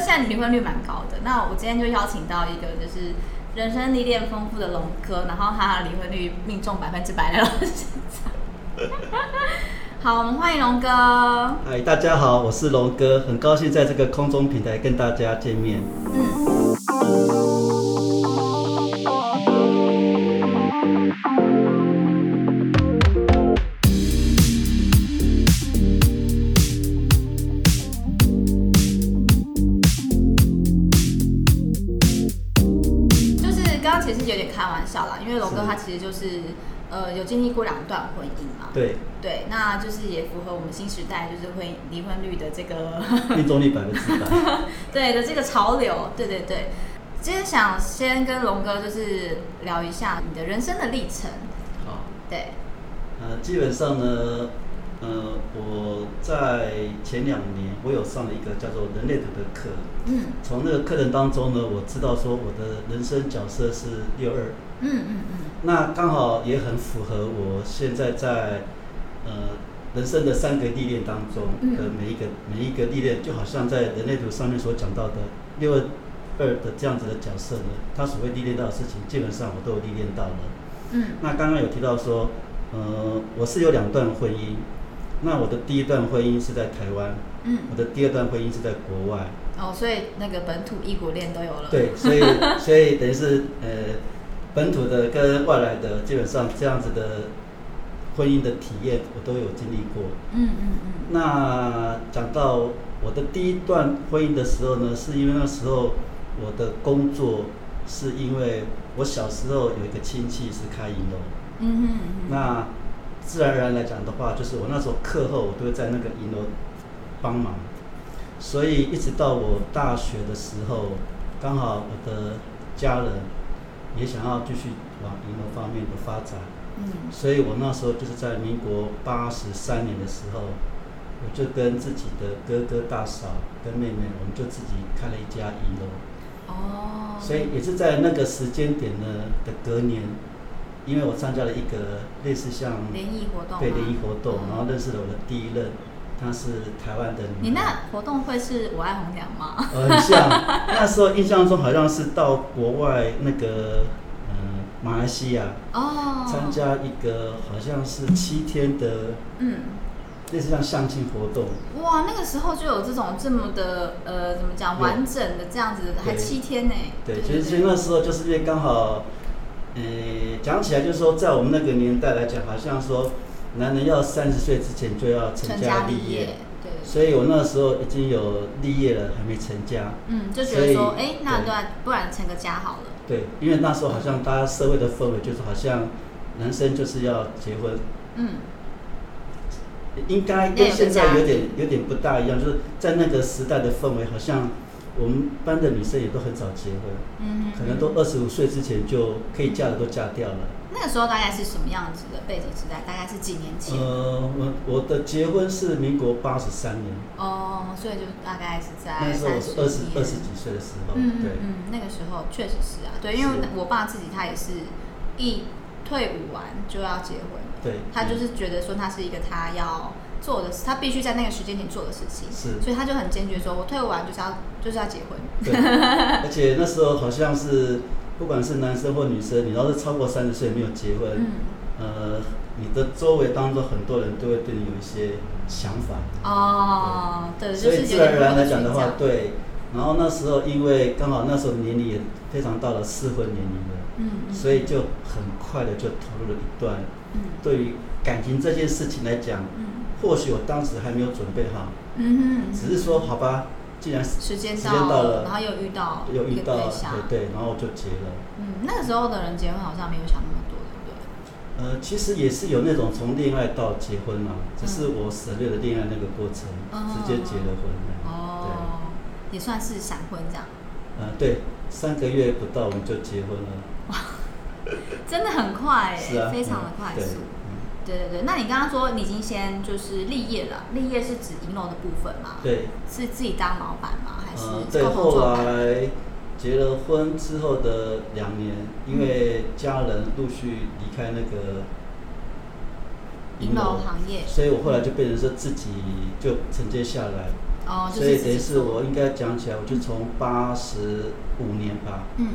現在離婚率蠻高的，那我今天就邀請到一個就是人生歷練豐富的龍哥，然後他離婚率命中百分之百來到現場。 好，我們歡迎龍哥。Hi, 大家好，我是龍哥，很高興在這個空中平台跟大家見面。嗯。有點開玩笑啦，因為龍哥他其實就是，是呃，有經歷過兩段婚姻嘛。對對，那就是也符合我們新時代就是婚姻離婚率的這個命中率百分之百， 對的這個潮流。對對對，今天想先跟龍哥就是聊一下你的人生的歷程。好，對，呃，基本上呢。呃，我在前兩年，我有上了一個叫做《人類圖》的課，嗯，從那個課程當中呢，我知道說我的人生角色是六二，嗯，嗯嗯嗯，那剛好也很符合我現在在呃人生的三個歷練當中的每一個，嗯、每一個歷練，就好像在《人類圖》上面所講到的六二二的這樣子的角色呢，他所謂歷練到的事情，基本上我都有歷練到了。嗯，那剛剛有提到說，呃，我是有兩段婚姻。那我的第一段婚姻是在台灣，嗯，我的第二段婚姻是在國外，哦，所以那個本土異國戀都有了，對，所以所以等於是 呃本土的跟外來的基本上這樣子的婚姻的體驗我都有經歷過，嗯嗯嗯。那講到我的第一段婚姻的時候呢，是因為那時候我的工作，是因為我小時候有一個親戚是開銀樓。嗯哼、嗯嗯，那。自然而然來講的話，就是我那時候課後我都會在那個銀樓幫忙，所以一直到我大學的時候，剛好我的家人也想要繼續往銀樓方面的發展，嗯，所以我那時候就是在民國八十三年的時候，我就跟自己的哥哥大嫂跟妹妹，我們就自己開了一家銀樓，哦，所以也是在那個時間點呢的隔年，因為我參加了一個類似像聯誼活動，對，聯誼活動，然後認識了我的第一任，她、嗯、是台灣的女。你、欸、那活動會是我愛紅娘嗎、哦？很像， 那時候印象中好像是到國外那個，嗯，馬來西亞哦，參加一個好像是七天的，嗯、哦，類似像相親活動。哇，那個時候就有這種這麼的，呃，怎麼講完整的這樣子，還七天呢？對，其實那時候就是因為剛好。呃、嗯，講起來就是說，在我們那個年代來講，好像說男人要三十歲之前就要成家立業，對。所以我那時候已經有立業了，還沒成家。嗯，就覺得說，哎，那段不然成個家好了。對，因為那時候好像大家社會的氛圍就是好像男生就是要結婚。嗯。應該跟現在有點有點不大一樣，就是在那個時代的氛圍好像。我們班的女生也都很少結婚，嗯，嗯，可能都二十五歲之前就可以嫁的都嫁掉了。那個時候大概是什麼樣子的背景時代？大概是幾年前？呃，我我的結婚是民國八十三年。哦，所以就大概是在。那個、時候我是二十二十幾歲的時候，嗯，對，嗯、那個時候確實是啊，對，因為我爸自己他也是一退伍完就要結婚了，對，他就是覺得說他是一個他要。做的事，他必須在那個時間點做的事情，是，所以他就很堅決說，我退完就是要就是要結婚。對， 而且那時候好像是，不管是男生或女生，你要是超過三十歲沒有結婚，嗯，呃，你的周圍當中很多人都會對你有一些想法。哦，對，對對對，所以自然而然來講的話、就是，對。然後那時候因為剛好那時候年齡也非常到了適婚年齡了，嗯，所以就很快的就投入了一段，嗯，對於感情這件事情來講，嗯。或許我當時還沒有準備好，嗯哼，只是說好吧，既然時間到，到了，然後又遇到又遇到了，對，對對，然後就結了。嗯，那個時候的人結婚好像沒有想那麼多，對不對？呃，其實也是有那種從戀愛到結婚嘛，啊嗯，只是我省略了戀愛那個過程，嗯，直接結了婚了。哦，也算是閃婚這樣，呃。對，三個月不到我們就結婚了，哇，真的很快哎，欸，是啊，非常的快速。嗯對對對，那你剛剛說你已經先就是立業了，立業是指銀樓的部分嗎？對，是自己當老板嗎？還是在、呃、後來結了婚之後的兩年，因為家人陸續離開那個銀樓行業，所以我後來就變成說自己就承接下來。哦、嗯，所以等於是我應該講起來，我就從八十五年吧，嗯，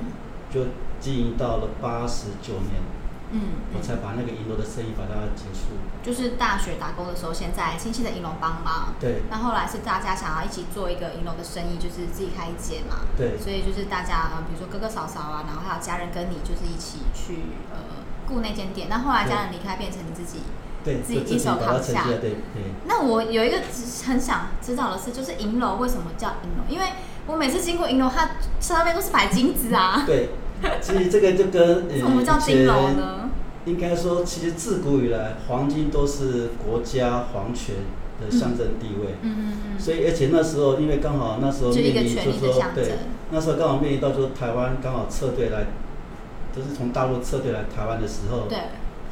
就經營到了八十九年。嗯，嗯，我才把那個銀樓的生意把它結束。就是大學打工的時候，先在親戚的銀樓幫忙。對。那後來是大家想要一起做一個銀樓的生意，就是自己開一間嘛。對。所以就是大家，呃、比如說哥哥嫂嫂啊，然後還有家人跟你，就是一起去呃雇那間店。那後來家人離開，變成你自己對自己一手扛下。對對，欸。那我有一個很想知道的是，就是銀樓為什麼叫銀樓？因為我每次經過銀樓，它上面都是擺金子啊。 對。其實這個就跟為什麼叫金樓呢？應該說，其實自古以來，黃金都是國家皇權的象徵地位。嗯，嗯，嗯，嗯。所以，而且那時候，因為剛好那時候面臨就是說就，對，那時候剛好面臨到說台灣剛好撤退來，都，就是從大陸撤退來台灣的時候。對。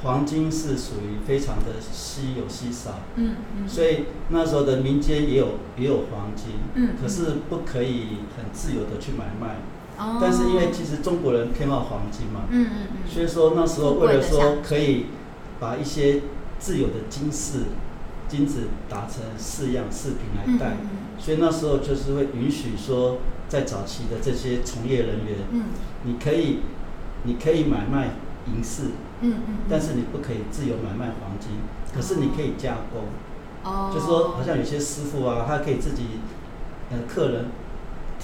黃金是屬於非常的稀有稀少。嗯。嗯，所以那時候的民間也有也有黃金。嗯。嗯。可是不可以很自由的去買賣。嗯但是因為其實中國人偏好黃金嘛，嗯嗯嗯，所以說那時候為了說可以把一些自有的金飾、金子打成四樣飾品來戴，嗯嗯嗯，所以那時候就是會允許說在早期的這些從業人員，嗯，你可以你可以買賣銀飾，嗯，嗯嗯，但是你不可以自由買賣黃金，可是你可以加工，哦，就是說好像有些師傅啊，他可以自己呃客人。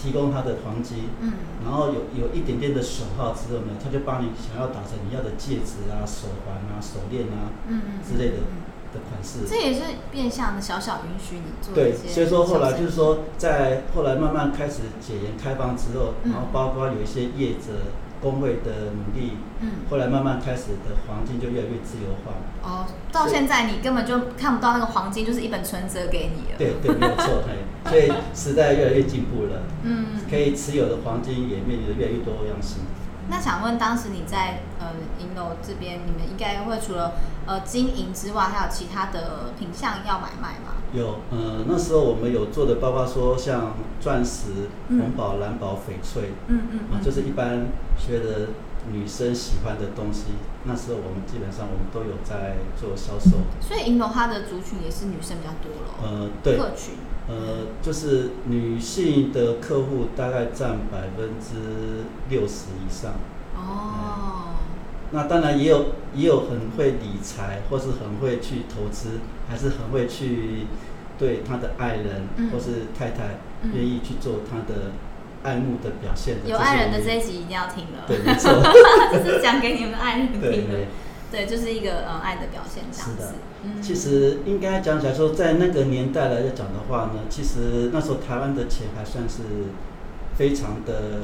提供他的黃金，嗯，然後有有一點點的損耗之後呢，他就幫你想要打成你要的戒指啊、手環啊、手鏈啊，嗯嗯之類的的款式。這也是變相的小小允許你做。對，所以說後來就是說，在後來慢慢開始解嚴開放之後，然後包括有一些業者。嗯工會的努力，嗯，後來慢慢開始的黃金就越來越自由化。哦，到現在你根本就看不到那個黃金，就是一本存折給你了。對對，沒有錯， 所以時代越來越進步了，嗯，可以持有的黃金也面臨着越來越多樣式。那想問，當時你在呃銀樓這邊，你們應該會除了呃金銀之外，還有其他的品項要買賣嗎？有，呃，那時候我們有做的包括，說像鑽石、紅寶、藍寶、翡翠，嗯嗯、呃，就是一般所謂的女生喜歡的東西。那時候我們基本上我們都有在做銷售，所以銀樓它的族群也是女生比較多嘍、哦，呃，對，客群。呃，就是女性的客戶大概佔百分之六十以上。哦、oh. 嗯，那當然也有也有很會理財，或是很會去投資，還是很會去對他的愛人、嗯、或是太太願意去做他的愛慕的表現的。有愛人的這一集一定要聽的。對， 沒錯， 這是講給你們愛人聽的。對。嗯對，就是一個呃愛的表現，這樣子是的。其實應該講起來說，在那個年代來講的話呢，其實那時候台灣的錢還算是非常的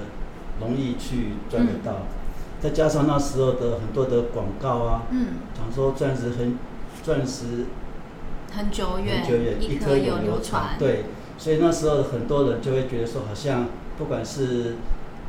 容易去賺得到，嗯、再加上那時候的很多的廣告啊，嗯，講說鑽石很，鑽石恆久遠，恆久遠，一顆永流傳，對，所以那時候很多人就會覺得說，好像不管是。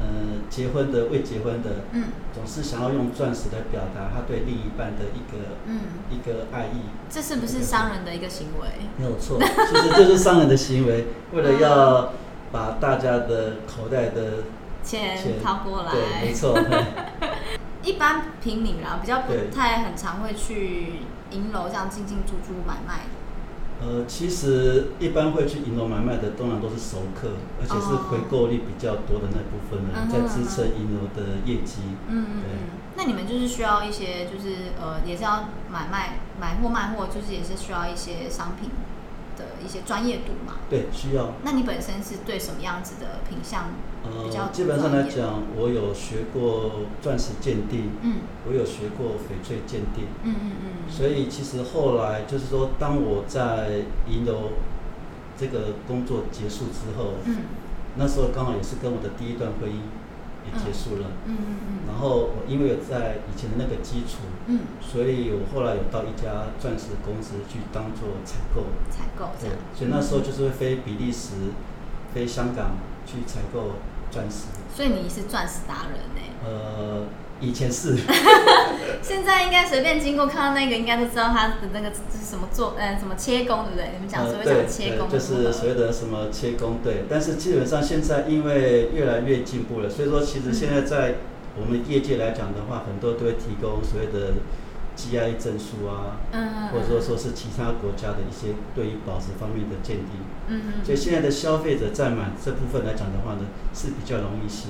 呃、嗯，結婚的、未結婚的，嗯，總是想要用鑽石來表達他對另一半的一個，嗯，一個愛意。這是不是商人的一個行為？沒有錯， 就是就是商人的行為，為了要把大家的口袋的錢掏、嗯、過來。對，沒錯 一般平民啦，比較不太很常會去銀樓這樣進進出出買賣的。呃，其實一般會去銀樓買賣的，當然都是熟客，而且是回購率比較多的那部分人，哦嗯啊、在支撐銀樓的業績。嗯，嗯，嗯，對，那你們就是需要一些，就是呃，也是要買賣買貨賣貨，就是也是需要一些商品。的一些專業度嘛，對，需要。那你本身是對什麼樣子的品相比較多？呃，基本上來講，我有學過鑽石鑑定，嗯，我有學過翡翠鑑定，嗯嗯嗯。所以其實後來就是說，當我在銀樓這個工作結束之後，嗯，那時候剛好也是跟我的第一段婚姻。嗯、也結束了、嗯嗯嗯，然後我因為有在以前的那個基礎，嗯、所以我後來有到一家鑽石公司去當做採購，採購這樣所，所以那時候就是會飛比利時、嗯、飛香港去採購鑽石。所以你是鑽石達人呢？欸，呃以前是 ，現在應該隨便經過看到那個，應該都知道它的那個，這是什麼做，嗯，什麼切工，對不對？你們講所謂的、呃、對切工的對，就是所謂的什麼切工對。但是基本上現在因為越來越進步了，所以說其實現在在我們業界來講的話，嗯、很多都會提供所謂的 GIA 證書啊，嗯嗯嗯，或者說說是其他國家的一些對於寶石方面的鑑定。嗯嗯。所以現在的消費者占滿這部分來講的話呢，是比較容易些。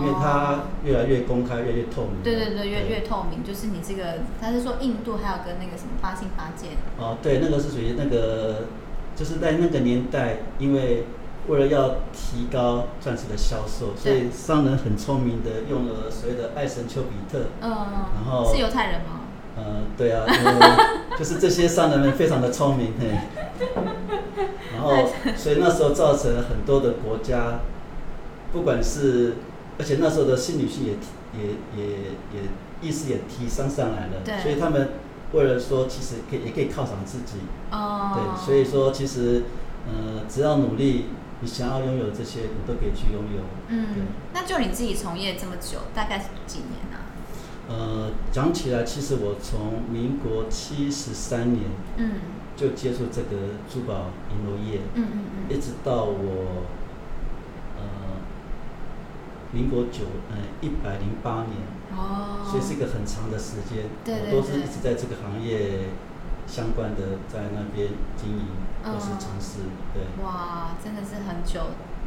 因為它越來越公開，越來越透明。對對對，越越透明，對，就是你這個，他是說印度還有跟那個什麼八心八箭。哦，對，那個是屬於那個、嗯，就是在那個年代，因為為了要提高鑽石的銷售，所以商人很聰明的用了所謂的愛神丘比特。嗯。然後是猶太人嗎？嗯、呃，對啊，就是這些商人們非常的聰明，嘿、 欸。然後，所以那時候造成了很多的國家，不管是。而且那時候的新女性也提也也也，也意識也提升上來了，對，所以他們為了說，其實可以也可以犒賞自己，哦，對，所以說其實，呃，只要努力，你想要擁有這些，你都可以去擁有，嗯，對。那就你自己從業這麼久，大概是幾年呢、啊？呃，講起來，其實我從民國七十三年，嗯，就接觸這個珠寶銀樓業，嗯嗯嗯，一直到我。民國九嗯一百零八年哦，所以是一個很長的時間，對，對，對，我都是一直在這個行業相關的，在那邊經營、呃、都是嘗試對，哇，真的是很久，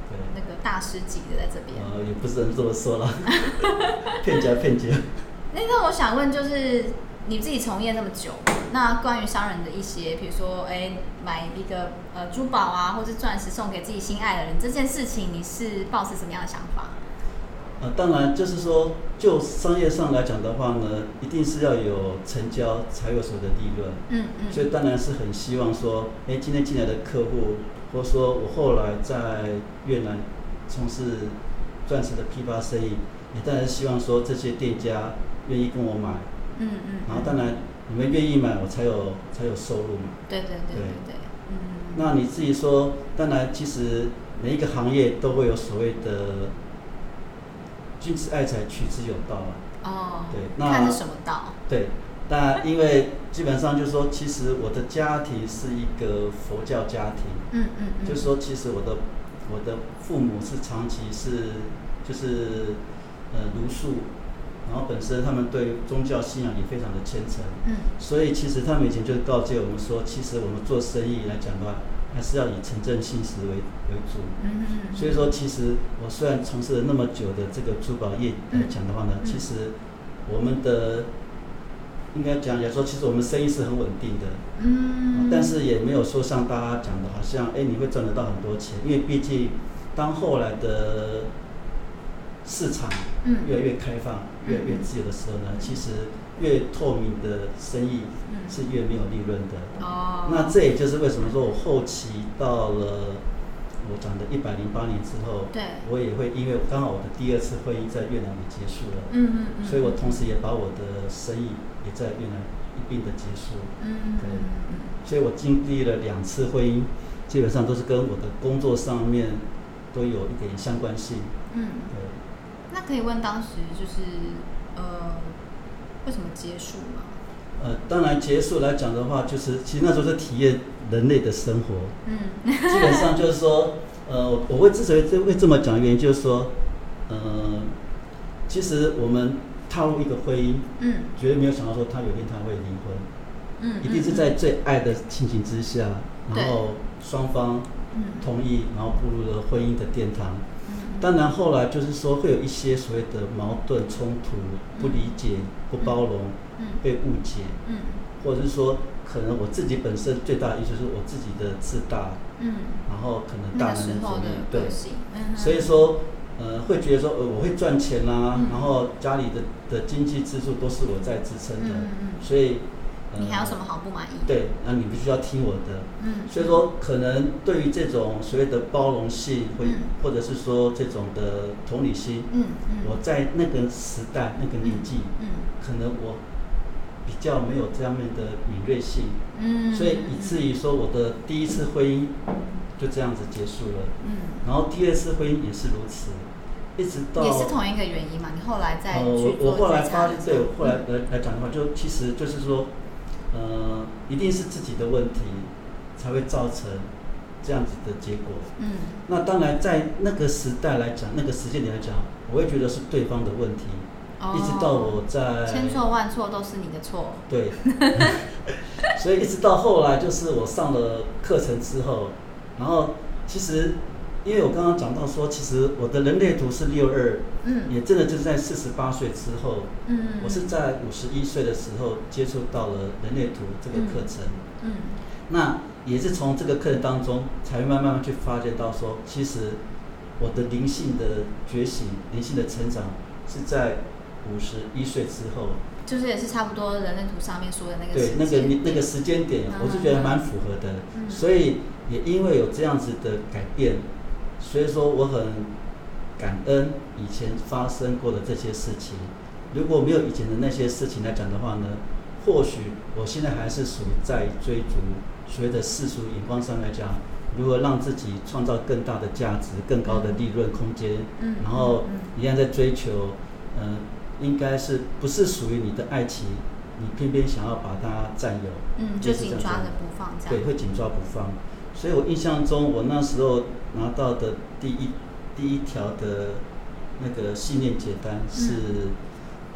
對，那個大師級的在這邊，哦、呃，也不是人這麼說啦，騙家騙家。那個我想問，就是你自己從業那麼久，那關於商人的一些，比如說哎、欸、買一個呃珠寶啊，或是鑽石送給自己心愛的人這件事情，你是抱持什麼樣的想法？呃，當然，就是說，就商業上來講的話呢，一定是要有成交才有所謂的利潤。嗯嗯，所以當然是很希望說，哎、欸，今天進來的客戶，或者說我後來在越南從事鑽石的批發生意，你當然是希望說這些店家願意跟我買。嗯嗯，然後當然你們願意買，我才有才有收入嘛。對對對對對、嗯。那你自己說，當然，其實每一個行業都會有所謂的。君子愛財，取之有道啊。哦，對，那那，看是什麼道。對，那因為基本上就是說，其實我的家庭是一個佛教家庭。嗯嗯嗯。就是說，其實我的我的父母是長期是就是呃茹素，然後本身他們對宗教信仰也非常的虔誠。嗯。所以其實他們以前就告誡我們說，其實我們做生意來講的話。還是要以城鎮姓氏為為主。嗯嗯，所以說，其實我雖然從事了那麼久的這個珠寶業來講的話呢，嗯，其實我們的應該講，也說其實我們生意是很穩定的，嗯，但是也沒有說像大家講的，好像哎、欸，你會賺得到很多錢，因為畢竟當後來的市場越來越開放、嗯、越來越自由的時候呢，嗯嗯、其實。越透明的生意是越沒有利潤的。哦、嗯，oh. 那這也就是為什麼說我後期到了我講的一百零八年之後，對，我也會因為剛好我的第二次婚姻在越南也結束了，嗯嗯，所以我同時也把我的生意也在越南一併的結束。嗯，嗯，對，所以我經歷了兩次婚姻，基本上都是跟我的工作上面都有一點相關性。嗯，對。那可以問當時就是呃。為什麼結束呢？呃，當然結束來講的話，就是其實那時候是體驗人類的生活。嗯，基本上就是說， 呃，我會之所以會這麼講的原因，就是說，呃，其實我們踏入一個婚姻，嗯，絕對沒有想到說他有一天他會離婚，嗯，一定是在最愛的情形之下，嗯、然後雙方同意，然後步入了婚姻的殿堂。當然，後來就是說會有一些所謂的矛盾、衝突、不理解、不包容，嗯嗯、被誤解嗯，嗯，或者是說可能我自己本身最大的意思就是我自己的自大，嗯，然後可能大男人主義，對、嗯，所以說，呃，會覺得說呃我會賺錢啦、啊嗯，然後家裡的的經濟支柱都是我在支撐的，嗯嗯嗯、所以。嗯、你還有什麼好不滿意？對，那你必須要聽我的。嗯，所以說，可能對於這種所謂的包容性會，會、嗯、或者是說這種的同理心，嗯嗯，我在那個時代、那個年紀、嗯，嗯，可能我比較沒有這樣面的敏銳性，嗯，所以以至於說我的第一次婚姻就這樣子結束了，嗯，嗯然後第二次婚姻也是如此，嗯、一直到也是同一個原因嘛。你後來在、呃。我我後來發現、嗯，對，我後來來來講的話，就、嗯、就其實就是說。呃、一定是自己的問題，才會造成這樣子的結果。嗯、那當然，在那個時代來講，那個時間點來講，我會覺得是對方的問題。哦、一直到我在千錯萬錯都是你的錯。對， 所以一直到後來，就是我上了課程之後，然後其實。因為我剛剛講到說，其實我的人類圖是六二，嗯，也真的就是在四十八歲之後，嗯，嗯我是在五十一歲的時候接觸到了人類圖這個課程，嗯，嗯那也是從這個課程當中，才慢慢，慢慢去發現到說，其實我的靈性的覺醒、嗯、靈性的成長是在五十一歲之後，就是也是差不多人類圖上面說的那個時間，對那個那個時間點，我是覺得蠻符合的、嗯嗯，所以也因為有這樣子的改變。所以說我很感恩以前發生過的這些事情。如果沒有以前的那些事情來講的話呢，或許我現在還是屬於在追逐，所謂的世俗眼光上來講，如何讓自己創造更大的價值、更高的利潤空間、嗯。然後一樣在追求，嗯，呃、應該是不是屬於你的愛情，你偏偏想要把它占有。嗯，就是緊抓著不放這樣，對，會緊抓不放。所以，我印象中，我那時候拿到的第一第一條的那個信念解單是，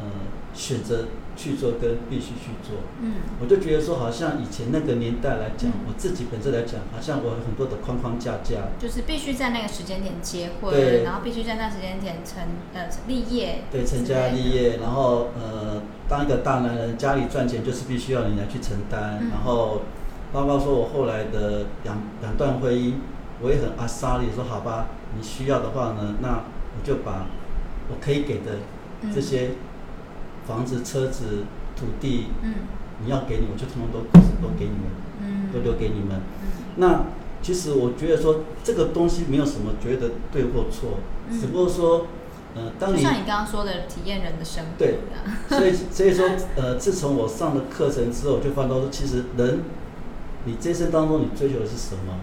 嗯，呃，選擇去做跟必須去做。嗯，我就覺得說，好像以前那個年代來講，嗯，我自己本身來講，好像我有很多的框框架架。就是必須在那個時間點結婚，然後必須在那時間點成呃成立業。對，成家立業，然後呃，當一個大男人，家裡賺錢就是必須要你來去承擔，嗯，然後。爸爸說：“我後來的兩兩段婚姻，我也很阿莎力。說好吧，你需要的話呢，那我就把我可以給的這些房子、嗯、車子、土地、嗯，你要給你，我就通通都都給你們、嗯，都留給你們、嗯。那其實我覺得說這個東西沒有什麼覺得對或錯，嗯、只不過說，呃、當你像你剛剛說的，體驗人的生活、啊，對，所以所以說，呃，自從我上了課程之後，就發現說，其實人。你這一生當中，你追求的是什麼？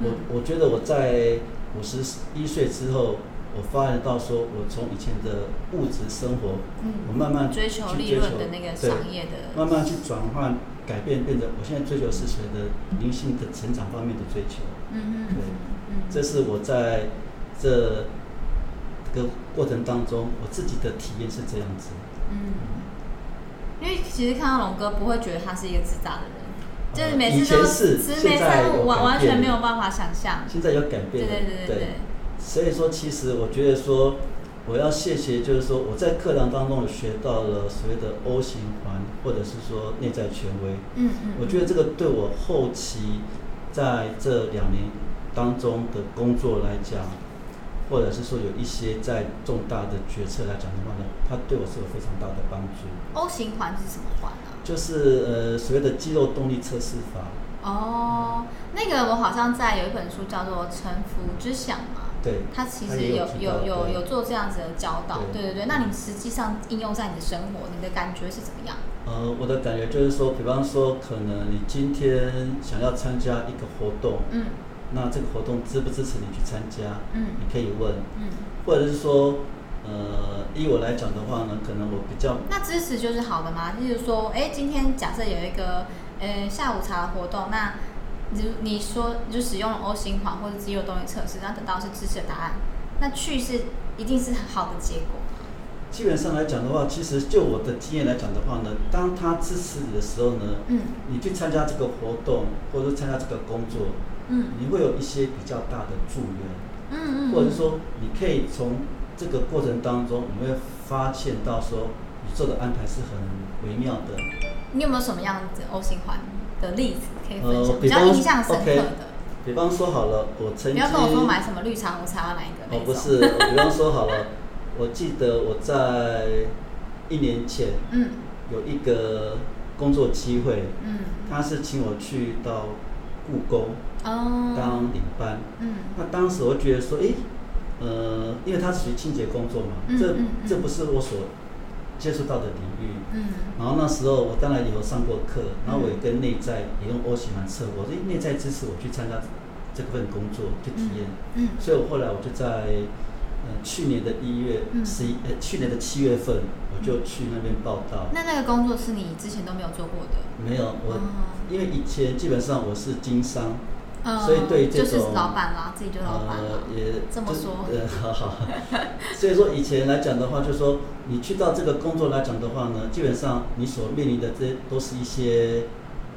嗯、我我覺得我在五十一歲之後，我發現到說，我從以前的物質生活、嗯，我慢慢追求，追求利潤的那個商業的，慢慢去轉換、改變，變成我現在追求是所謂的靈、嗯、性的成長方面的追求。嗯嗯，對，這是我在這，這個過程當中，我自己的體驗是這樣子，嗯。嗯，因為其實看到龍哥，不會覺得他是一個自大的人。就是每次都，呃、以前是每次完完全沒有辦法想象。現在有改變，有改變。對對對，對，對，所以說，其實我覺得說，我要謝謝，就是說我在課堂當中學到了所謂的 O 型環，或者是說內在權威。嗯嗯。我覺得這個對我後期在這兩年當中的工作來講，或者是說有一些在重大的決策來講的話呢，它對我是有非常大的幫助、嗯嗯、助。O 型環是什麼環啊？就是呃，所謂的肌肉動力測試法。哦，那個我好像在有一本書叫做《臣服之享》嘛。對。他其實有有有有做這樣子的教導。對對對。那你實際上應用在你的生活，你的感覺是怎麼樣？呃，我的感覺就是說，比方說，可能你今天想要參加一個活動，嗯，那這個活動支不支持你去參加？嗯，你可以問，嗯，或者是說。呃，依我來講的話呢，可能我比較那支持就是好的嘛。就是說，哎，今天假設有一個呃下午茶的活動，那你你說你就使用了 O 環或者肌肉動力測試，然後得到是支持的答案，那去是一定是好的結果。基本上來講的話，其實就我的經驗來講的話呢，當他支持你的時候呢，嗯，你去參加這個活動或者是參加這個工作，嗯，你會有一些比較大的助援，嗯嗯，或者說你可以從。這個過程當中，我們會發現到說，宇宙的安排是很微妙的。嗯、你有沒有什麼樣子 O 型環的例子可以分享、呃、比、比較印象深刻的。Okay. 比方說好了，我曾經你要跟我說買什麼綠茶紅茶哪一個？哦，不是，我比方說好了， 我記得我在一年前，嗯， 有一個工作機會，嗯，他是請我去到故宮、嗯、當領班，嗯，那當時我覺得說，哎、欸。呃，因為他屬於清潔工作嘛，嗯、這、嗯嗯、這不是我所接觸到的領域。嗯，然後那時候我當然也有上過課，然後我也跟內在、嗯、也用 O 型環測過，這內在支持我去參加這份工作去體驗、嗯。嗯，所以，我後來我就在、呃、去年的一月十一，嗯、11, 呃去年的七月份我就去那邊報到、嗯。那那個工作是你之前都沒有做過的？沒有，我、哦、因為以前基本上我是經商。嗯嗯、所以對這種，就是、老闆啦，呃自己就老闆啦，也這麼說，呃好好， 所以說以前來講的話，就是說你去到這個工作來講的話呢，基本上你所面臨的這都是一些，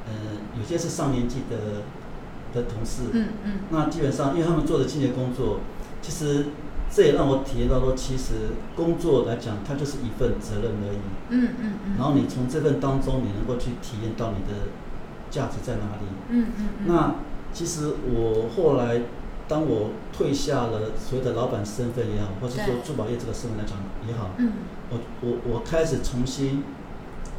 嗯、呃，有些是上年紀的的同事，嗯嗯，那基本上因為他們做的清潔工作，其實這也讓我體驗到說，其實工作來講，它就是一份責任而已，嗯嗯，嗯，然後你從這份當中，你能夠去體驗到你的價值在哪裡，嗯嗯，嗯，那。其實我後來，當我退下了所謂的老闆身份也好，或是說珠寶業這個身份來講也好，我我我開始重新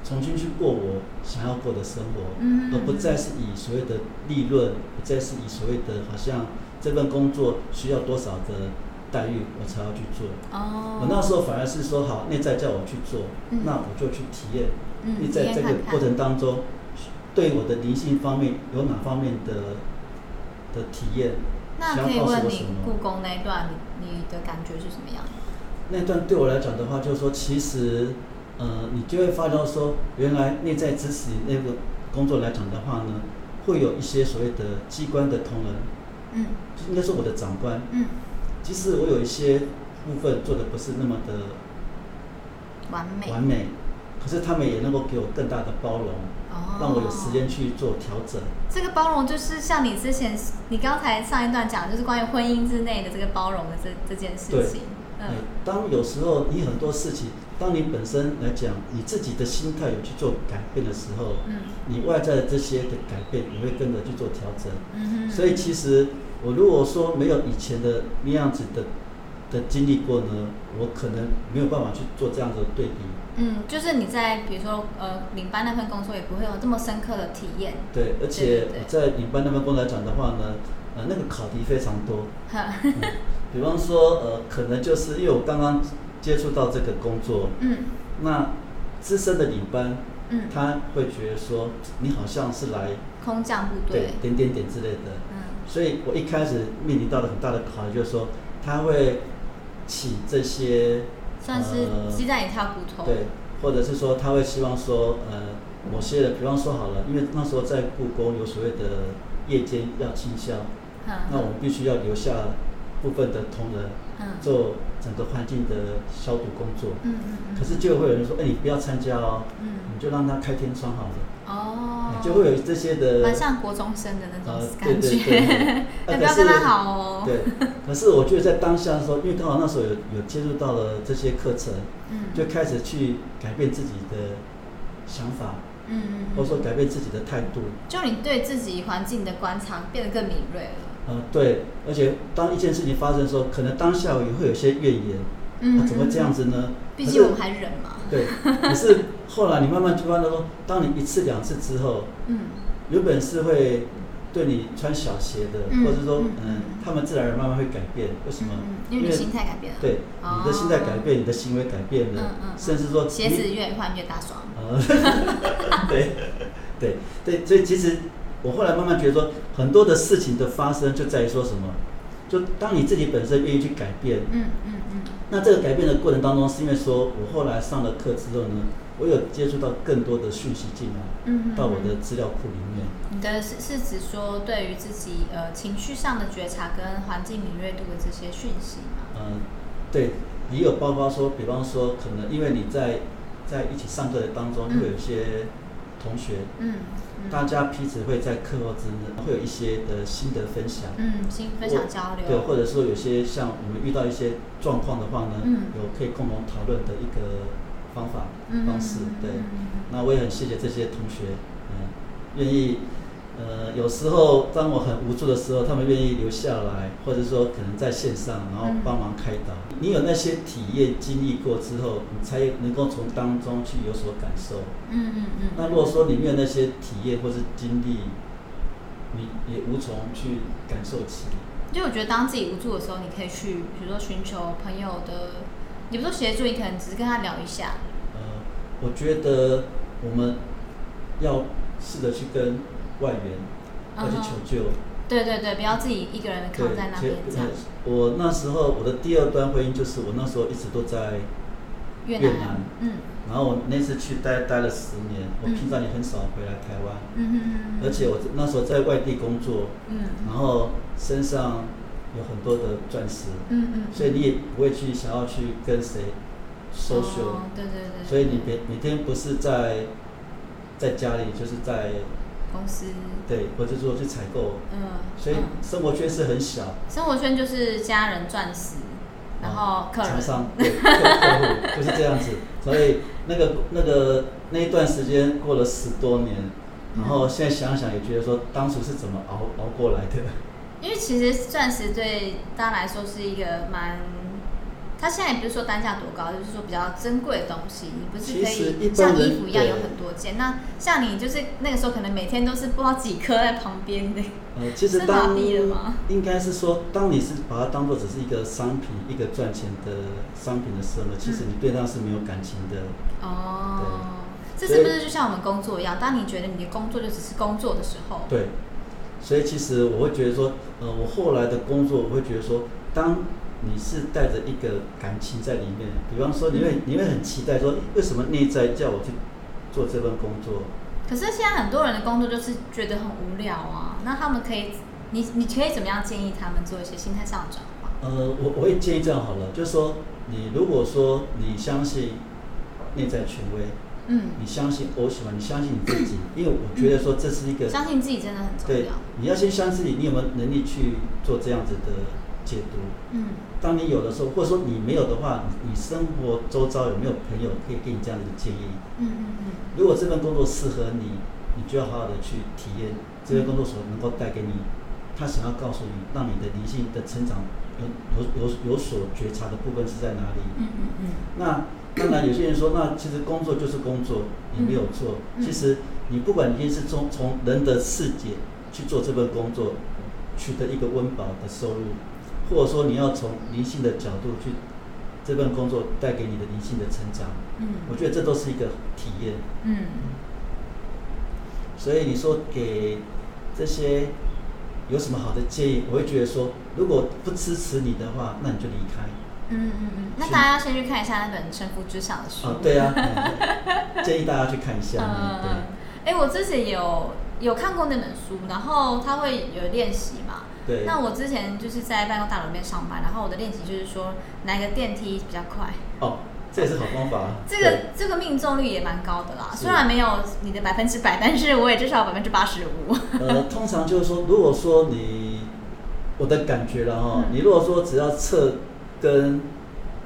重新去過我想要過的生活，嗯，而不再是以所謂的利潤，不再是以所謂的好像這份工作需要多少的待遇我才要去做。哦，我那時候反而是說好，內在叫我去做，嗯、那我就去體驗，你、嗯、在這個過程當中，看看對我的靈性方面有哪方面的？的體驗，那可以問你故宮那段，你你的感覺是什麼樣？那段對我來講的話，就是說其實，呃，你就會發覺說，原來內在支持那個工作來講的話呢，會有一些所謂的機關的同仁，嗯，就應該是我的長官，嗯，嗯、即使我有一些部分做的不是那麼的完美，完美，可是他們也能夠給我更大的包容。讓我有時間去做調整。哦，這個包容就是像你之前，你剛才上一段講，就是關於婚姻之內的這個包容的這這件事情。對。嗯。當有時候你很多事情，嗯、當你本身來講，你自己的心態有去做改變的時候，嗯，你外在的這些的改變也會跟着去做調整。嗯，所以其實我如果說沒有以前的那樣子的的經歷過呢，我可能沒有辦法去做這樣子的對比。嗯，就是你在比如說呃領班那份工作也不會有這麼深刻的體驗。對，而且我在領班那份工作來講的話呢，呃，那個考題非常多。 嗯，比方說呃，可能就是因為我剛剛接觸到這個工作，嗯，那資深的領班，嗯，他會覺得說你好像是來空降部隊，對，點點點之類的，嗯，所以我一開始面臨到了很大的考驗，就是說他會起這些。算是雞蛋也挑骨頭。對，或者是說他會希望說，呃，某些人，比方說好了，因為那時候在故宮有所謂的夜間要清消、嗯嗯嗯，那我們必須要留下部分的同仁，嗯嗯嗯、做整個環境的消毒工作，嗯嗯。可是就會有人說，哎、欸，你不要參加哦，嗯、你就讓他開天窗好了。哦、啊，就會有這些的，很像國中生的那種感覺，呃、對，對，對、嗯啊、 不要跟他好哦？對，可是我覺得在當下的時候，因為剛好那時候有有接觸到了這些課程，嗯，就開始去改變自己的想法，嗯嗯，或者說改變自己的態度。就你對自己環境的觀察變得更敏銳了。嗯，對，而且當一件事情發生的時候，可能當下也會有些怨言，嗯，啊、怎麼會這樣子呢？畢竟我們還忍嘛。對，可 是後來你慢慢就發現說，當你一次兩次之後，嗯，有本事會。對你穿小鞋的，或者是說，嗯，嗯嗯，他們自然而然慢慢會改變，為什麼？嗯、因為你心態改變了。對、哦，你的心態改變，你的行為改變了，嗯嗯嗯、甚至說鞋子越換越大雙。嗯、呵呵 對，對，對，所以其實我後來慢慢覺得說，很多的事情的發生就在於說什麼，就當你自己本身願意去改變。嗯嗯嗯。那這個改變的過程當中，是因為說我後來上了課之後呢？我有接觸到更多的訊息進來，嗯哼嗯哼，到我的資料庫裡面。你的是是指說對於自己呃情緒上的覺察跟環境敏銳度的這些訊息嗎？嗯，對，也有包括說，比方說可能因為你在在一起上課的當中，會有一些同學嗯，嗯，大家彼此會在課後之會有一些的心得分享，嗯，心分享交流，對，或者說有些像我們遇到一些狀況的話呢，嗯，有可以共同討論的一個。方法、嗯、方式對、嗯，那我也很謝謝這些同學，嗯，願意，呃，有時候當我很無助的時候，他們願意留下來，或者說可能在線上，然後幫忙開導。嗯、你有那些體驗、經歷過之後，你才能夠從當中去有所感受。嗯嗯嗯。那如果說你沒有那些體驗或是經歷，嗯、你也無從去感受起。因為我覺得，當自己無助的時候，你可以去，比如說尋求朋友的。你不說協助，你可能只是跟他聊一下。呃，我覺得我們要試着去跟外援要去求救。Uh-huh. 對對對，不要自己一個人扛在那邊這樣、呃、我那時候我的第二段婚姻就是我那時候一直都在越南、越南，嗯，然後我那次去待待了十年，我平常也很少回來台灣，嗯嗯嗯，而且我那時候在外地工作，嗯，然後身上。有很多的鑽石，嗯嗯，所以你也不會去想要去跟誰 social。對對對，所以你每每天不是在在家裡，就是在公司，對，或者說去採購，嗯，所以生活圈是很小，嗯、生活圈就是家人、鑽石，然後客人，廠、啊、商對客客戶 就是這樣子，所以那個那個那一段時間過了十多年，然後現在想想也覺得說當時是怎麼熬熬過來的。因為其實鑽石對大家來說是一個蠻，它現在也不是說單價多高，就是說比較珍貴的東西，你不是可以像衣服一樣有很多件。那像你就是那個時候可能每天都是不知道幾顆在旁邊呢？呃、嗯，其實當應該是說，當你是把它當做只是一個商品、嗯、一個賺錢的商品的時候呢，其實你對它是沒有感情的。嗯、哦，這是不是就像我們工作一樣？當你覺得你的工作就只是工作的時候，對。所以其實我會覺得說，呃，我後來的工作，我會覺得說，當你是帶着一個感情在裡面，比方說，你會，你會很期待說，為什麼內在叫我去做這份工作？可是現在很多人的工作就是覺得很無聊啊，那他們可以，你你可以怎麼樣建議他們做一些心態上的轉化？呃，我我會建議這樣好了，就是說，你如果說你相信內在權威。嗯，你相信我喜歡你相信你自己，因為我覺得說這是一個、嗯、相信自己真的很重要。對，你要先相信自己，你有沒有能力去做這樣子的解讀？嗯，當你有的時候，或者說你沒有的話，你生活周遭有沒有朋友可以給你這樣的建議？嗯嗯嗯。如果這份工作適合你，你就要好好的去體驗這份工作所能夠帶給你，他想要告訴你，讓你的靈性的成長有有有有所覺察的部分是在哪裡？嗯嗯嗯。那。當然，有些人說，那其實工作就是工作，你沒有錯，嗯嗯。其實你不管你是從從人的世界去做這份工作，取得一個溫飽的收入，或者說你要從靈性的角度去這份工作帶給你的靈性的成長，嗯，我覺得這都是一個體驗。嗯。所以你說給這些有什麼好的建議？我會覺得說，如果不支持你的話，那你就離開。嗯嗯嗯，那大家要先去看一下那本《臣服之享的書。啊、哦，對啊，嗯、 建議大家去看一下。嗯嗯哎、欸，我之前有有看過那本書，然後它會有練習嘛？對。那我之前就是在辦公室大樓面邊上班，然後我的練習就是說，哪一個電梯比較快？哦，這也是好方法。 這個這個命中率也蠻高的啦，雖然沒有你的百分之百，但是我也至少有百分之八十五。呃，通常就是說，如果說你我的感覺了哈、嗯，你如果說只要測。跟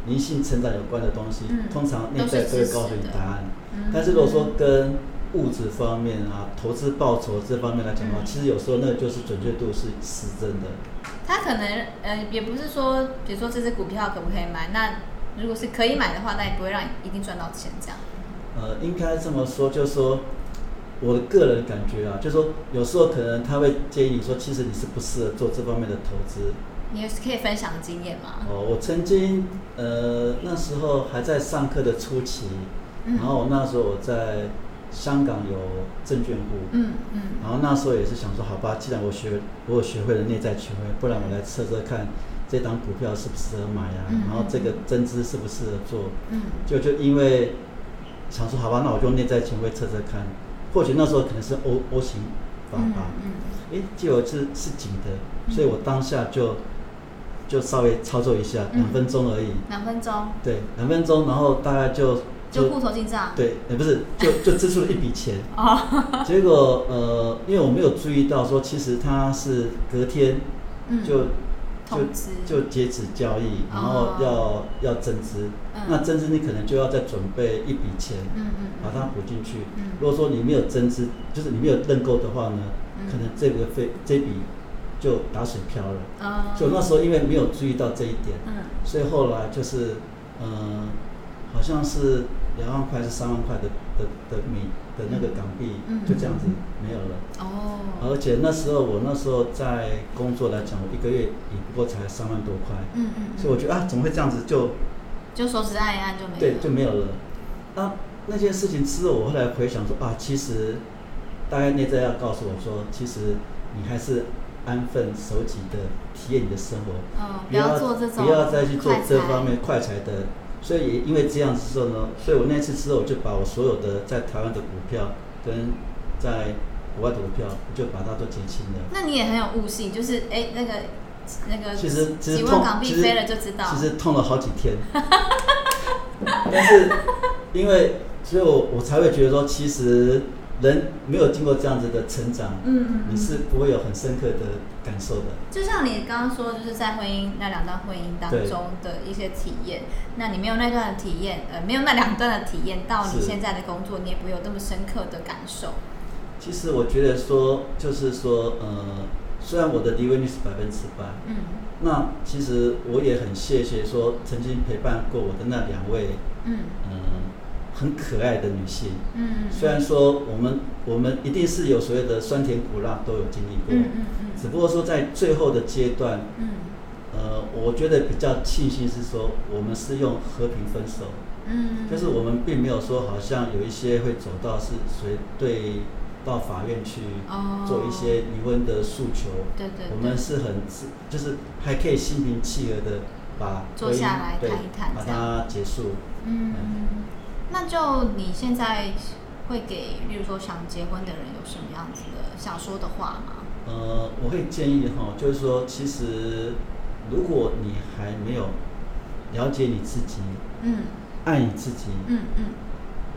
靈性成長有關的東西，嗯、通常內在都會告訴你答案、嗯。但是如果說跟物質方面啊、嗯、投資報酬這方面來講的話、嗯，其實有時候那個就是準確度是失真的。他可能呃，也不是說，比如說這隻股票可不可以買？那如果是可以買的話，那也不會讓你一定賺到錢這樣。嗯、呃，應該這麼說，就是說我的個人感覺啊，就說有時候可能他會建議你說，其實你是不適合做這方面的投資。你也是可以分享經驗嗎？哦，我曾經，呃，那時候還在上課的初期、嗯，然後那時候我在香港有證券戶，嗯嗯，然後那時候也是想說，好吧，既然我學我有學會了內在權威，不然我來測測看，這檔股票適不適合買呀、啊嗯？然後這個增資適不適合做？嗯，就就因為想說，好吧，那我就用內在權威測測看，或許那時候可能是 O O 型爸爸，哎、嗯嗯欸，結果是是緊的，所以我當下就。嗯就稍微操作一下，兩分鐘而已、嗯。兩分鐘。對，兩分鐘，然後大概就就，就戶頭進賬對，也、呃、不是，就就支出了一筆錢啊。 結果呃，因為我沒有注意到說，其實它是隔天就、嗯、就就，就截止交易，然後要、哦、要增資、嗯，那增資你可能就要再準備一筆錢，嗯嗯，把它補進去、嗯。如果說你沒有增資，就是你沒有認購的話呢，嗯、可能這個費這筆。就打水漂了啊！就、uh, 那時候，因為沒有注意到這一點，嗯，所以後來就是，嗯，好像是兩萬塊還是三萬塊的的的米的那個港幣、嗯嗯嗯嗯嗯，就這樣子沒有了哦。而且那時候我那時候在工作來講，我一個月也不過才三萬多塊，嗯嗯，嗯嗯，所以我覺得啊，怎麼會這樣子就就手指按一按就沒有對就沒有了？有了啊、那那件事情之後，我後來回想說啊，其實大概內在要告訴我說，其實你還是。安分守己的體驗你的生活，嗯不，不要做這種，不要再去做這方面快財的。所以也因為這樣之後呢，所以我那次之後，我就把我所有的在台灣的股票跟在國外的股票，就把它都減輕了。那你也很有悟性，就是哎、欸，那個那個幾萬港幣飛了就知道，其實其實痛，其實痛了好幾天。 但是因為只有我才會覺得說，其實。人沒有經過這樣子的成長，嗯，嗯，嗯，你是不會有很深刻的感受的。就像你剛剛說，就是在婚姻那兩段婚姻當中的一些體驗，那你沒有那段的體驗，呃，沒有那兩段的體驗，到你現在的工作，你也不會有這麼深刻的感受。其實我覺得說，就是說，呃，雖然我的離婚率是百分之百，嗯，那其實我也很謝謝說曾經陪伴過我的那兩位，嗯、呃、嗯。很可愛的女性，嗯，嗯，雖然說我們我們一定是有所謂的酸甜苦辣都有經歷過，嗯嗯，嗯，只不過說在最後的階段，嗯，呃，我覺得比較慶幸是說我們是用和平分手，嗯，嗯，就是我們並沒有說好像有一些會走到是誰對到法院去做一些離婚的訴求，哦，對對對，我們是很就是還可以心平氣和的把婚姻坐下來談一談，把它結束，嗯。嗯。那就你現在會給，比如說想結婚的人有什麼樣子的想說的話嗎？呃，我會建議哈，就是說，其實如果你還沒有了解你自己，嗯，愛你自己，嗯嗯，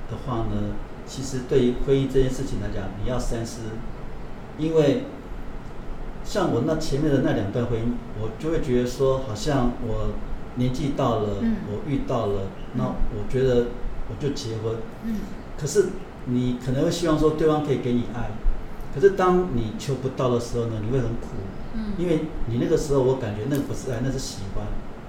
的話呢、嗯嗯，其實對於婚姻這件事情來講，你要三思，因為像我那前面的那兩段婚姻，我就會覺得說，好像我年紀到了，嗯、我遇到了，那、嗯、我覺得。我就結婚，嗯，可是你可能會希望說對方可以給你愛，可是當你求不到的時候呢，你會很苦，嗯，因為你那個時候我感覺那個不是愛，那是喜歡，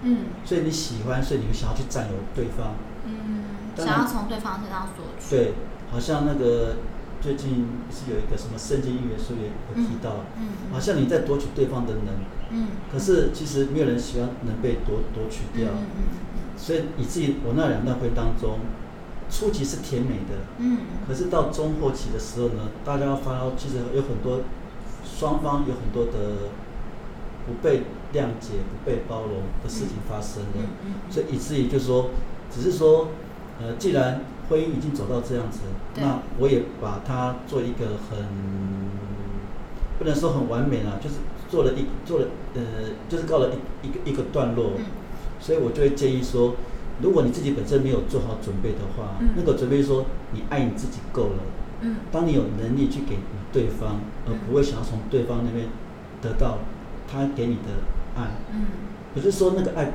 嗯，所以你喜歡，所以你就想要去占有對方，嗯，想要從對方身上索取，對，好像那個最近是有一個什麼聖境預言書也有提到，嗯，嗯，好像你在奪取對方的能，嗯，可是其實沒有人希望能被奪奪取掉，嗯，嗯，嗯，所以你自己，我那兩段婚姻當中。初期是甜美的，嗯，可是到中後期的時候呢，大家發現其實有很多雙方有很多的不被諒解、不被包容的事情發生了，嗯，嗯，嗯，所以以至於就是說，只是說，呃，既然婚姻已經走到這樣子，嗯，那我也把它做一個很不能說很完美啊，就是做了一個做了呃，就是告了一個一個一個段落，所以我就會建議說。如果你自己本身沒有做好準備的話，嗯、那個準備說你愛你自己夠了、嗯。當你有能力去給對方、嗯，而不會想要從對方那邊得到他給你的愛。嗯，不是說那個愛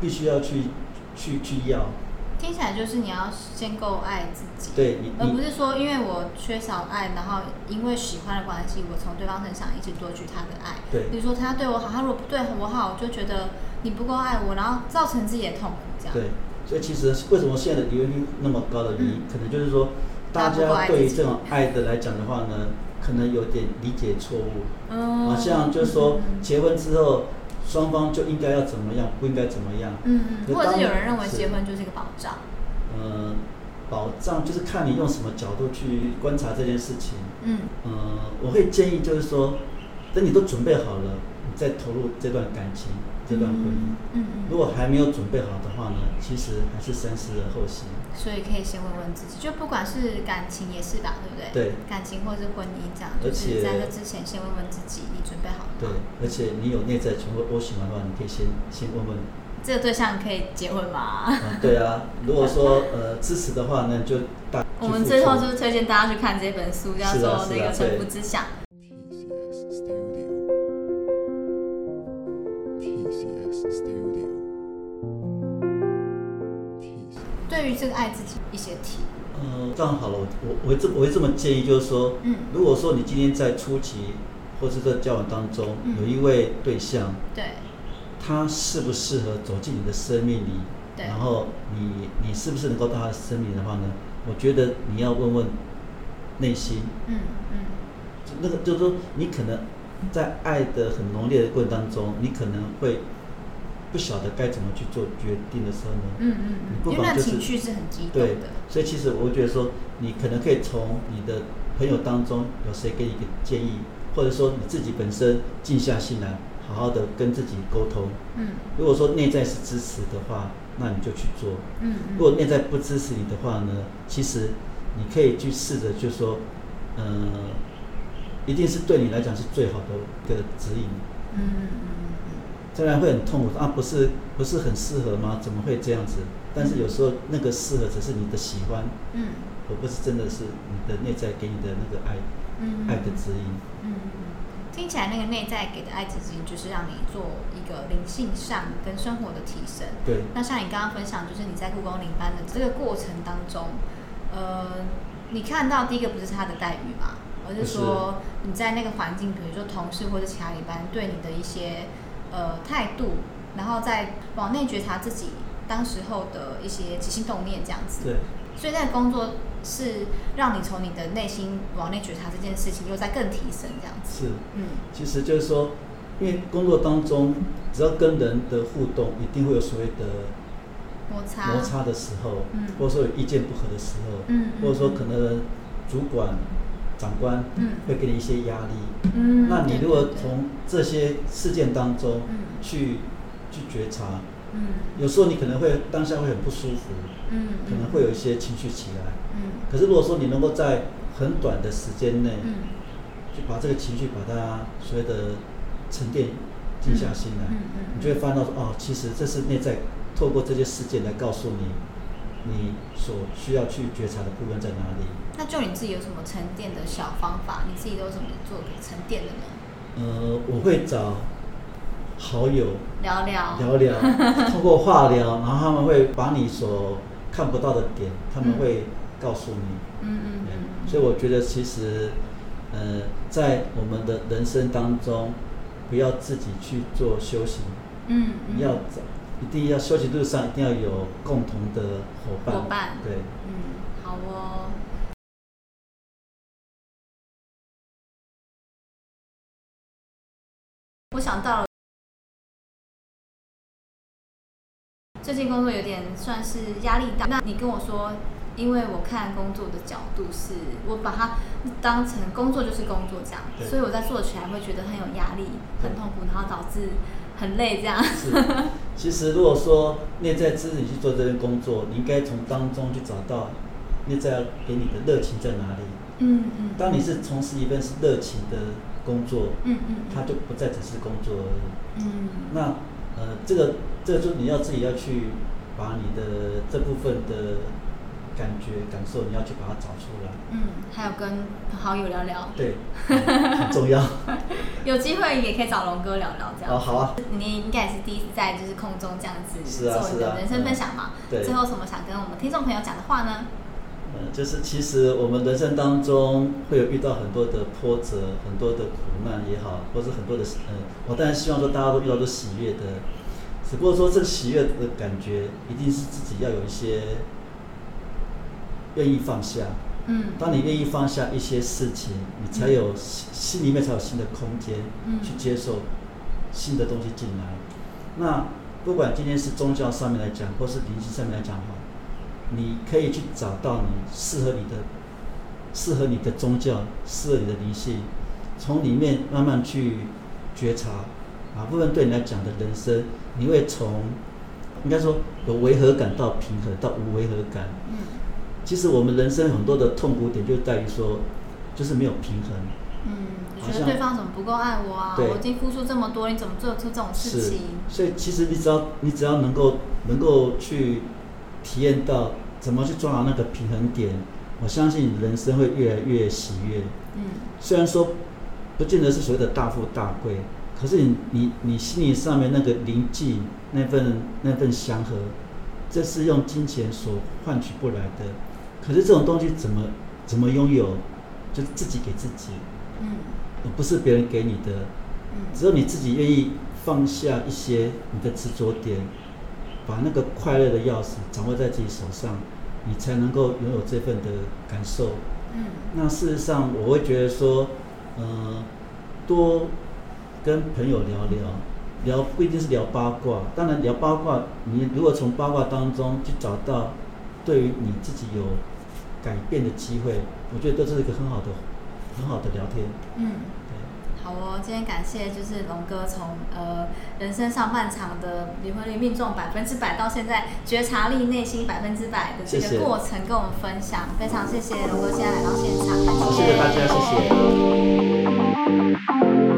必須要去去去要。聽起來就是你要先夠愛自己，對你，而不是說因為我缺少愛，然後因為喜歡的關係，我從對方身上一直奪取他的愛。對，比如說他對我好，他如果不對我好，我就覺得你不夠愛我，然後造成自己的痛苦。對，所以其實為什麼現在的離婚率那麼高的離、嗯，可能就是說，大家對於這種愛的來講的話呢，嗯、可能有點理解錯誤。哦、嗯，好像就是說結婚之後，雙方就應該要怎麼樣，不應該怎麼樣。嗯，或者是有人認為結婚就是一個保障。嗯，保障就是看你用什麼角度去觀察這件事情。嗯，嗯，我會建議就是說，等你都準備好了，你再投入這段感情。這段婚姻，如果還沒有準備好的話呢，其實還是三思而後行。所以可以先問問自己，就不管是感情也是吧，對不對？對，感情或者婚姻這樣，對。在那之前先問問自己，你準備好了嗎？對，而且你有內在存我喜歡的話，你可以先先問問。這個對象可以結婚嗎？啊、嗯，對啊，如果說呃支持的話呢，那就大。 我們最後就是推薦大家去看這本書，叫做、啊啊《那個臣服之享》。這、就、個、是、愛自己一些題，呃，這樣好了，我我我會這麼建議，就是說，嗯，如果說你今天在初期或者在交往當中有一位對象，嗯、對，他適不適合走進你的生命裡？對，然後你你是不是能夠到他的生命裡的話呢？我覺得你要問問內心，嗯嗯，那個就是說，你可能在愛的很濃烈的過程當中，你可能會。不曉得該怎麼去做決定的時候呢，嗯嗯，因為那情緒是很激動的，對，所以其實我覺得說，你可能可以從你的朋友當中有誰給你一個建議，或者說你自己本身靜下心來，好好的跟自己溝通，嗯，如果說內在是支持的話，那你就去做，嗯，如果內在不支持你的話呢，其實你可以去試着就說，呃，一定是對你來講是最好的一個指引，嗯嗯。雖然會很痛苦，啊，不是不是很適合嗎？怎麼會這樣子？但是有時候那個適合只是你的喜歡，嗯，而不是真的是你的內在給你的那個愛，嗯，愛的指引，嗯嗯。聽起來那個內在給的愛的指引，就是讓你做一個靈性上跟生活的提升。對。那像你剛剛分享，就是你在故宮領班的這個過程當中，呃，你看到第一個不是他的待遇嘛，而是說你在那個環境，比如說同事或者其他領班對你的一些。呃，態度，然後再往內覺察自己當時候的一些起心動念，這樣子。對。所以在工作是讓你從你的內心往內覺察這件事情，又再更提升這樣子。是，嗯，其實就是說，因為工作當中，只要跟人的互動，一定會有所謂的摩擦，摩擦的時候，嗯、或者說有意見不合的時候，嗯嗯、或者說可能主管。嗯長官會給你一些壓力，嗯，那你如果從這些事件當中去，嗯，去覺察，嗯，有時候你可能會當下會很不舒服，嗯，可能會有一些情緒起來，嗯。可是如果說你能夠在很短的時間內，嗯，就把這個情緒把它所謂的沉澱，靜，嗯，下心來，嗯嗯，你就會發現到說哦，其實這是內在透過這些事件來告訴你，你所需要去覺察的部分在哪裡。那就你自己有什麼沉澱的小方法？你自己都有怎麼做沉澱的呢？呃，我會找好友聊聊聊聊，通 過話聊，然後他們會把你所看不到的點，他們會告訴你。嗯 yeah, 嗯嗯，嗯。所以我覺得其實，呃，在我們的人生當中，不要自己去做修行。嗯。嗯要找，一定要修行路上一定要有共同的夥伴。夥伴。對。嗯想到了，最近工作有點算是壓力大。那你跟我說，因為我看工作的角度是我把它當成工作就是工作這樣，所以我在做起來會覺得很有壓力、很痛苦，然後導致很累這樣子。 是，其實如果說內在自己去做這份工作，你應該從當中去找到內在要給你的熱情在哪裡。嗯嗯。當你是從事一份是熱情的。工作，嗯嗯，他就不再只是工作而已。嗯，那，呃，這個，這個、就你要自己要去把你的這部分的感覺、感受，你要去把它找出來。嗯，還有跟好友聊聊。對，很重要。 有機會也可以找龍哥聊聊這樣。哦，好啊。你應該也是第一次在就是空中這樣子做一個人生分享嘛？是啊是啊，嗯、對。最後，什麼想跟我們聽眾朋友講的話呢？呃、嗯，就是其實我們人生當中會有遇到很多的波折，很多的苦難也好，或是很多的呃、嗯，我當然希望說大家都遇到都喜悅的，只不過說這個喜悅的感覺一定是自己要有一些願意放下，嗯，當你願意放下一些事情，你才有心、嗯、心裡面才有新的空間，嗯，去接受新的東西進來。那不管今天是宗教上面來講，或是靈性上面來講的話。你可以去找到你適合你的，適合你的宗教，適合你的靈性，從裡面慢慢去覺察哪、啊、部分對你來講的人生，你會從應該說有違和感到平和到無違和感、嗯。其實我們人生很多的痛苦點就在於說，就是沒有平衡。嗯，你覺得對方怎麼不夠愛我啊？我已經付出這麼多，你怎麼做出這種事情？是。所以其實你只要你只要能夠能夠去。體驗到怎麼去抓牢那個平衡點，我相信你人生會越來越喜悅。嗯，雖然說不見得是所謂的大富大貴，可是你你你心靈上面那個寧靜那份那份祥和，這是用金錢所換取不來的。可是這種東西怎麼怎麼擁有？就是自己給自己，嗯，不是別人給你的，嗯，只要你自己願意放下一些你的執着點。把那個快樂的鑰匙掌握在自己手上，你才能夠擁有這份的感受。嗯，那事實上我會覺得說，呃，多跟朋友聊聊，聊不一定是聊八卦。當然，聊八卦，你如果從八卦當中去找到對於你自己有改變的機會，我覺得這是一個很好的、很好的聊天。嗯。哦，今天感謝就是龍哥從呃，人生上半場的離婚率命中百分之百，到現在覺察力內心百分之百的這個過程跟我們分享，謝謝，非常謝謝龍哥現在來到現場，謝謝大家，謝謝。謝謝。